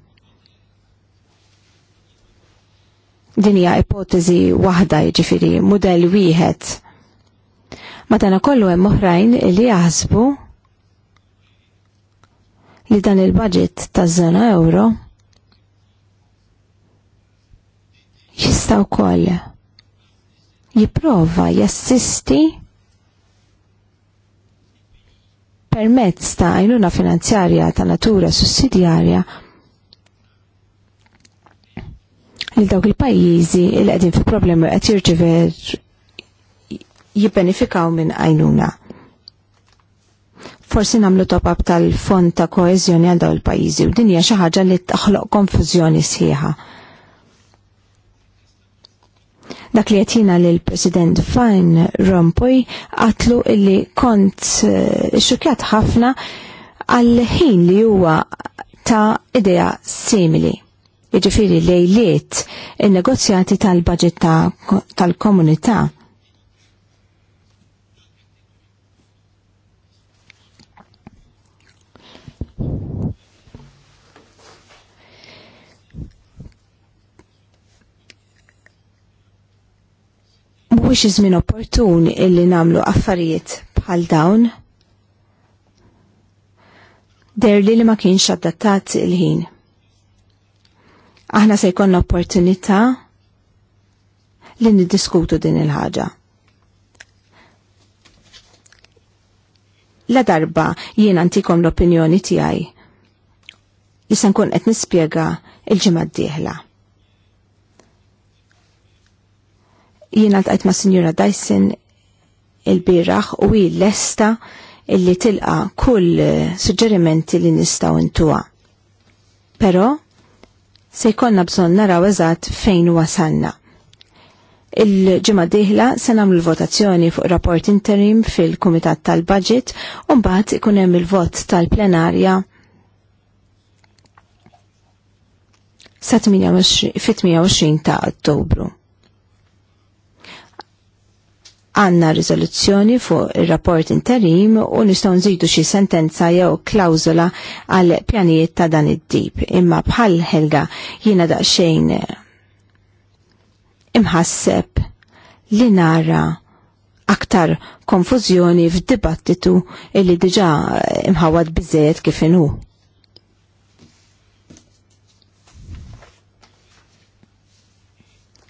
Din hija ipotezi waħda jiġifieri mudell wieħed. tana kollu hemm oħrajn li jaħsbu li dan il-budget taż zona euro jista' wkoll jipprova jassisti permezz ta' għajnuna finanzjarja ta' natura sussidjarja li dawk il-pajjiżi il qegħdin fi problemi qed jirċiver jibbenefikaw minn għajnuna forsi namlu top-up tal-fond ta' koezjoni għal daw il-pajizi u dinja xaħġa li taħloq konfuzjoni sħiħa. Dak li jatina li l-President Fan Rompuy għatlu illi kont eh, xukjat ħafna għal-ħin li huwa ta' idea simili. Iġifiri lejliet il-negozjati tal-budget tal-komunità. Ta mhuwiex iż-żmien opportun illi nagħmlu affarijiet bħal dawn. Derli li ma kienx adattat il-ħin. Aħna se jkollna opportunità li niddiskutu din il-ħaġa. La darba jien antikom l-opinjoni tiegħi. Issa nkun qed nispjega il-ġimgħa d-dieħla. jiena ltqajt ma' Sinjura Dyson il-biraħ u hi lesta illi tilqa kull eh, suġġerimenti li nistgħu intuwa. Però se jkollna bżonn naraw eżatt fejn wasalna. Il-ġimma diħla se nagħmlu l-votazzjoni fuq rapport interim fil-Kumitat tal-Budget u mbagħad ikun hemm il-vot tal-plenarja sa' 28 ta' Ottobru għanna rizoluzzjoni fuq il-rapport interim u nistgħu nżidu xi sentenza jew klawżola għal pjanijiet ta' dan id-dib. Imma bħal Helga jiena daqsxejn imħasseb li nara aktar konfużjoni f'dibattitu illi diġà imħawad biżejjed kif inhu.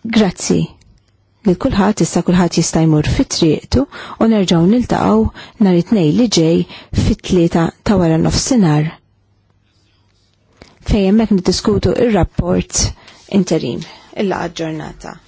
Grazzi li kulħadd issa kulħadd jista' jmur fit-triqtu u nerġgħu niltaqgħu nhar it-tnejn li ġej fit-tlieta ta' wara nofsinhar. Fejn hemmhekk niddiskutu ir-rapport interim illa laqgħa ġurnata